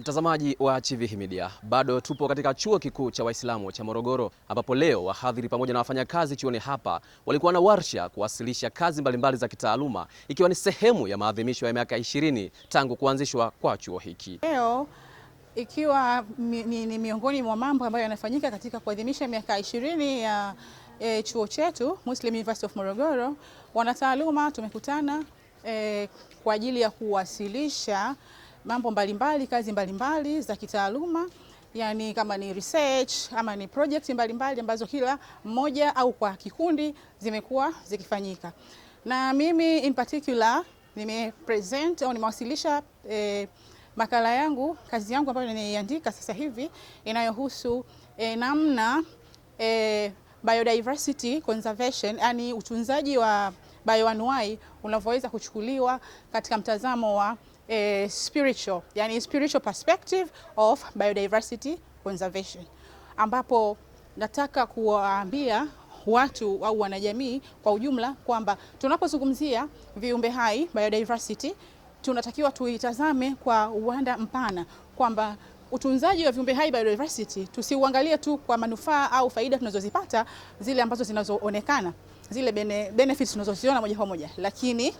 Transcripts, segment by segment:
Mtazamaji wa Chivihi Media, bado tupo katika chuo kikuu cha Waislamu cha Morogoro ambapo leo wahadhiri pamoja na wafanyakazi chuoni hapa walikuwa na warsha kuwasilisha kazi mbalimbali za kitaaluma ikiwa ni sehemu ya maadhimisho ya miaka ishirini tangu kuanzishwa kwa chuo hiki. Leo ikiwa ni, ni, ni miongoni mwa mambo ambayo yanafanyika katika kuadhimisha miaka 20 ya e, chuo chetu Muslim University of Morogoro, wanataaluma tumekutana e, kwa ajili ya kuwasilisha mambo mbalimbali mbali, kazi mbalimbali mbali, za kitaaluma yani kama ni research ama ni project mbalimbali ambazo kila mmoja au kwa kikundi zimekuwa zikifanyika, na mimi in particular present au nimewasilisha eh, makala yangu kazi yangu ambayo ninaiandika sasa hivi inayohusu eh, namna eh, biodiversity conservation yani utunzaji wa bioanuai unavyoweza kuchukuliwa katika mtazamo wa a spiritual, yani spiritual perspective of biodiversity conservation, ambapo nataka kuwaambia watu au wanajamii kwa ujumla kwamba tunapozungumzia viumbe hai biodiversity, tunatakiwa tuitazame kwa uwanda mpana kwamba utunzaji wa viumbe hai biodiversity tusiuangalie tu kwa manufaa au faida tunazozipata zile ambazo zinazoonekana, zile bene, benefits tunazoziona moja kwa moja, lakini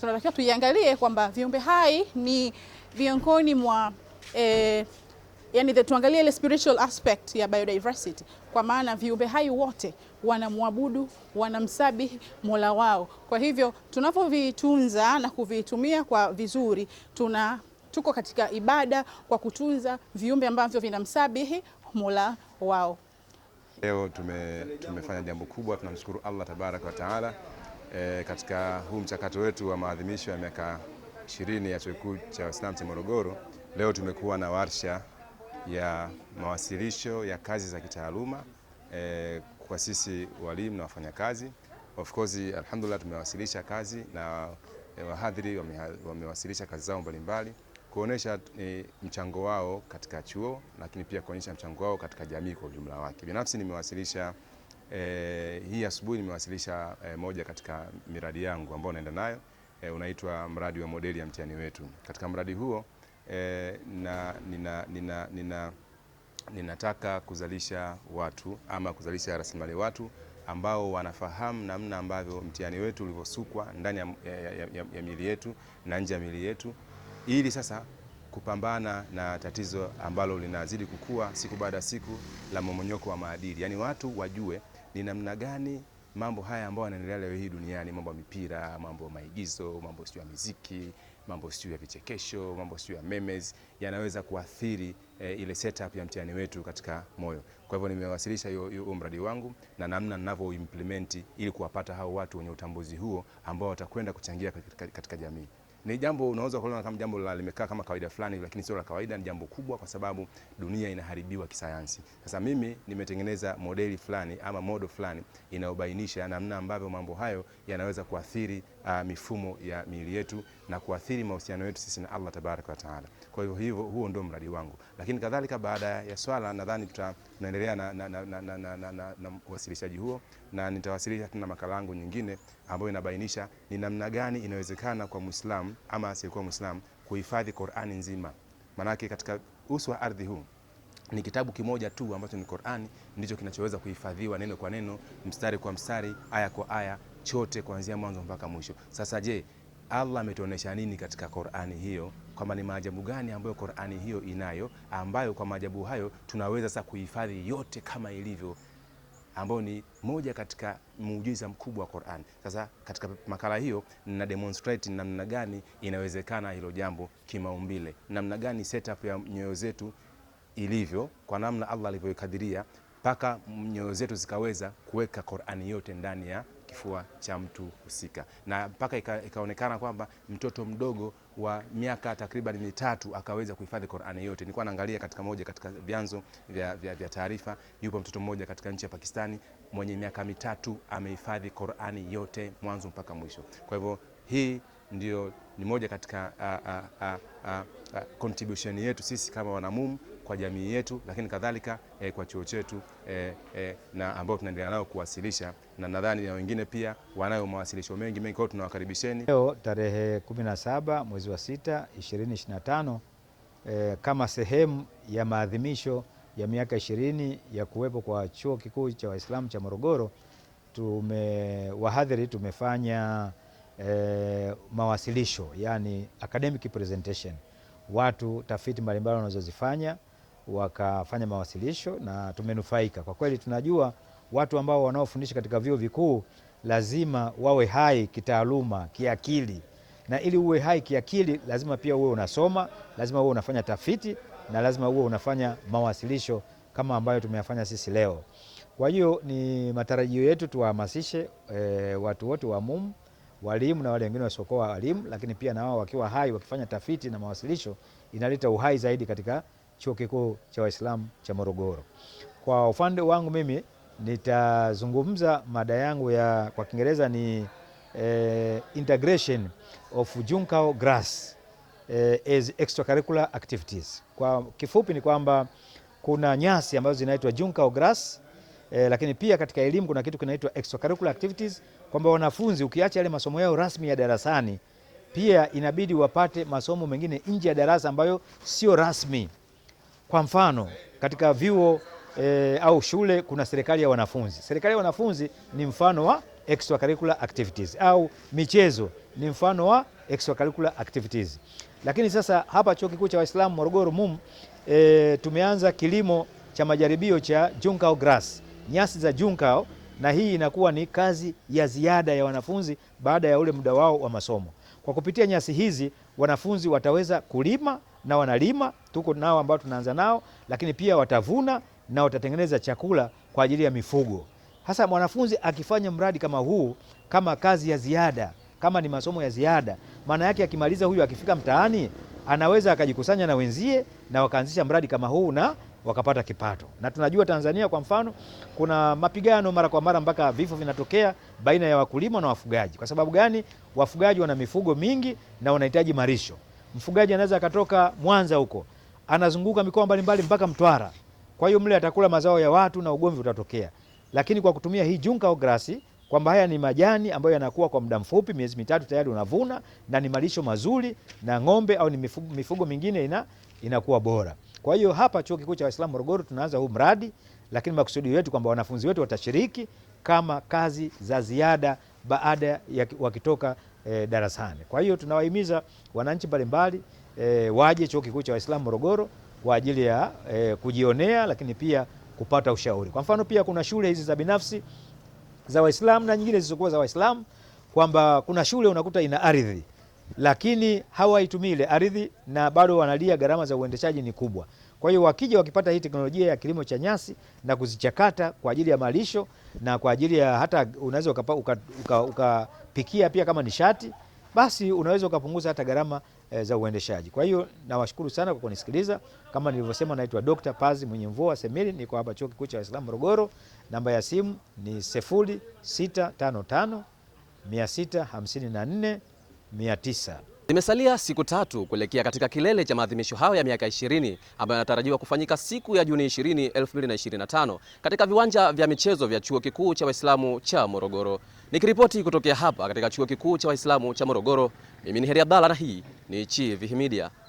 tunatakiwa tuiangalie kwamba viumbe hai ni miongoni mwa eh, yani tuangalie ile spiritual aspect ya biodiversity kwa maana viumbe hai wote wanamwabudu, wanamsabihi Mola wao. Kwa hivyo tunavyovitunza na kuvitumia kwa vizuri, tuna tuko katika ibada kwa kutunza viumbe ambavyo vinamsabihi Mola wao. Leo tume, tumefanya jambo kubwa, tunamshukuru Allah tabaraka wa taala e, katika huu mchakato wetu wa maadhimisho ya miaka 20 ya chuo kikuu cha Waislamu cha Morogoro, leo tumekuwa na warsha ya mawasilisho ya kazi za kitaaluma e, kwa sisi walimu na wafanyakazi. Of course alhamdulillah, tumewasilisha kazi na e, wahadhiri wamewasilisha kazi zao mbalimbali kuonesha e, mchango wao katika chuo, lakini pia kuonyesha mchango wao katika jamii kwa ujumla wake. Binafsi nimewasilisha E, hii asubuhi nimewasilisha e, moja katika miradi yangu ambayo naenda nayo e, unaitwa mradi wa modeli ya mtihani wetu. Katika mradi huo e, na, nina, nina, nina, ninataka kuzalisha watu ama kuzalisha rasilimali watu ambao wanafahamu namna ambavyo mtihani wetu ulivyosukwa ndani ya, ya, ya, ya mili yetu na nje ya mili yetu ili sasa kupambana na tatizo ambalo linazidi kukua siku baada ya siku la momonyoko wa maadili, yaani watu wajue ni namna gani mambo haya ambayo yanaendelea leo hii duniani, mambo ya mipira, mambo ya maigizo, mambo sio ya muziki, mambo sio ya vichekesho, mambo sio ya memes, yanaweza kuathiri e, ile setup ya mtihani wetu katika moyo. Kwa hivyo nimewasilisha hiyo mradi wangu na namna implement ili kuwapata hao watu wenye utambuzi huo ambao watakwenda kuchangia katika, katika jamii. Ni jambo unaweza kuona kama jambo la limekaa kama kawaida fulani, lakini sio la kawaida, ni jambo kubwa kwa sababu dunia inaharibiwa kisayansi. Sasa mimi nimetengeneza modeli fulani ama modo fulani inayobainisha namna ambavyo mambo hayo yanaweza kuathiri uh, mifumo ya miili yetu na kuathiri mahusiano yetu sisi na Allah tabaraka wa taala. Kwa hivyo hivyo, huo ndio mradi wangu, lakini kadhalika baada ya swala nadhani tutaendelea na, na, na, na, na, na, na, na, na uwasilishaji huo na nitawasilisha tena makala yangu nyingine ambayo inabainisha ni namna gani inawezekana kwa Muislamu ama asiyekuwa Muislamu kuhifadhi Qur'ani nzima, maanake katika uso wa ardhi huu ni kitabu kimoja tu ambacho ni Qur'ani ndicho kinachoweza kuhifadhiwa neno kwa neno, mstari kwa mstari, aya kwa aya chote kuanzia mwanzo mpaka mwisho. Sasa je, Allah ametuonesha nini katika Qur'ani hiyo? Kwamba ni maajabu gani ambayo Qur'ani hiyo inayo, ambayo kwa maajabu hayo tunaweza sasa kuhifadhi yote kama ilivyo, ambayo ni moja katika muujiza mkubwa wa Qur'ani. Sasa katika makala hiyo nina demonstrate namna gani inawezekana hilo jambo kimaumbile, namna gani setup ya nyoyo zetu ilivyo kwa namna Allah alivyoikadiria mpaka nyoyo zetu zikaweza kuweka Qur'ani yote ndani ya kifua cha mtu husika, na mpaka ikaonekana kwamba mtoto mdogo wa miaka takriban mitatu akaweza kuhifadhi Qur'ani yote. Nilikuwa naangalia katika moja katika vyanzo vya, vya, vya taarifa, yupo mtoto mmoja katika nchi ya Pakistani mwenye miaka mitatu amehifadhi Qur'ani yote mwanzo mpaka mwisho. Kwa hivyo hii ndio ni moja katika uh, uh, uh, uh, contribution yetu sisi kama wanamumu kwa jamii yetu, lakini kadhalika eh, kwa chuo chetu eh, eh, na ambao tunaendelea nao kuwasilisha, na nadhani na wengine pia wanayo mawasilisho mengi mengi, Kwao tunawakaribisheni leo tarehe 17 mwezi wa 6 2025 eh, kama sehemu ya maadhimisho ya miaka ishirini ya kuwepo kwa chuo kikuu cha Waislamu cha Morogoro tume wahadhiri tumefanya eh, mawasilisho yani academic presentation, watu tafiti mbalimbali wanazozifanya wakafanya mawasilisho na tumenufaika kwa kweli. Tunajua watu ambao wanaofundisha katika vyuo vikuu lazima wawe hai kitaaluma, kiakili, na ili uwe hai kiakili lazima pia uwe unasoma, lazima uwe unafanya tafiti na lazima uwe unafanya mawasilisho kama ambayo tumeyafanya sisi leo. Kwa hiyo ni matarajio yetu tuwahamasishe e, watu wote wa MUM walimu na wale wengine wasiokuwa walimu, lakini pia na wao wakiwa hai wakifanya tafiti na mawasilisho, inaleta uhai zaidi katika Chuo Kikuu cha Waislamu cha Morogoro. Kwa upande wangu mimi nitazungumza mada yangu ya kwa Kiingereza ni eh, integration of Junkao GRAS eh, as extracurricular activities. Kwa kifupi ni kwamba kuna nyasi ambazo zinaitwa Junkao grass eh, lakini pia katika elimu kuna kitu kinaitwa extracurricular activities kwamba wanafunzi ukiacha yale masomo yao rasmi ya darasani pia inabidi wapate masomo mengine nje ya darasa ambayo sio rasmi. Kwa mfano katika vyuo e, au shule kuna serikali ya wanafunzi. Serikali ya wanafunzi ni mfano wa extracurricular activities, au michezo ni mfano wa extracurricular activities. Lakini sasa hapa Chuo Kikuu cha Waislamu Morogoro MUM e, eh, tumeanza kilimo cha majaribio cha Junkao grass, nyasi za Junkao, na hii inakuwa ni kazi ya ziada ya wanafunzi baada ya ule muda wao wa masomo. Kwa kupitia nyasi hizi wanafunzi wataweza kulima na wanalima, tuko nao ambao tunaanza nao, lakini pia watavuna na watatengeneza chakula kwa ajili ya mifugo. Hasa mwanafunzi akifanya mradi kama huu kama kazi ya ziada, kama ni masomo ya ziada, maana yake akimaliza huyu, akifika mtaani anaweza akajikusanya na wenzie na wakaanzisha mradi kama huu na wakapata kipato. Na tunajua Tanzania kwa mfano, kuna mapigano mara kwa mara mpaka vifo vinatokea baina ya wakulima na wafugaji. Kwa sababu gani? Wafugaji wana mifugo mingi na wanahitaji marisho. Mfugaji anaweza akatoka Mwanza huko anazunguka mikoa mbalimbali mpaka Mtwara, kwa hiyo mle atakula mazao ya watu na ugomvi utatokea. Lakini kwa kutumia hii junka au grasi, kwamba haya ni majani ambayo yanakuwa kwa muda mfupi, miezi mitatu tayari unavuna, na ni malisho mazuri na ng'ombe au ni mifugo, mifugo mingine ina, inakuwa bora. Kwa hiyo hapa Chuo Kikuu cha Waislamu Morogoro tunaanza huu mradi, lakini makusudi wetu kwamba wanafunzi wetu watashiriki kama kazi za ziada baada ya wakitoka e, darasani. Kwa hiyo tunawahimiza wananchi mbalimbali e, waje Chuo Kikuu cha Waislamu Morogoro kwa ajili ya e, kujionea lakini pia kupata ushauri. Kwa mfano pia kuna shule hizi za binafsi za Waislamu na nyingine zisizokuwa za Waislamu, kwamba kuna shule unakuta ina ardhi lakini hawaitumii ile ardhi na bado wanalia gharama za uendeshaji ni kubwa. Kwa hiyo wakija wakipata hii teknolojia ya kilimo cha nyasi na kuzichakata kwa ajili ya malisho na kwa ajili ya hata unaweza ukapikia uka, uka, uka pia kama nishati, basi unaweza ukapunguza hata gharama e, za uendeshaji. Kwa hiyo nawashukuru sana kwa kunisikiliza. Kama nilivyosema, naitwa Dr. Pazi Mwenye Mvua Semili, niko hapa Chuo Kikuu cha Waislamu Morogoro. Namba ya simu ni 0655 654 900. Zimesalia siku tatu kuelekea katika kilele cha maadhimisho hayo ya miaka 20 ambayo yanatarajiwa kufanyika siku ya Juni 20, 2025 katika viwanja vya michezo vya Chuo Kikuu cha Waislamu cha Morogoro. Nikiripoti kutokea hapa katika Chuo Kikuu cha Waislamu cha Morogoro, mimi ni Heri Abdalla na hii ni Chivihi Media.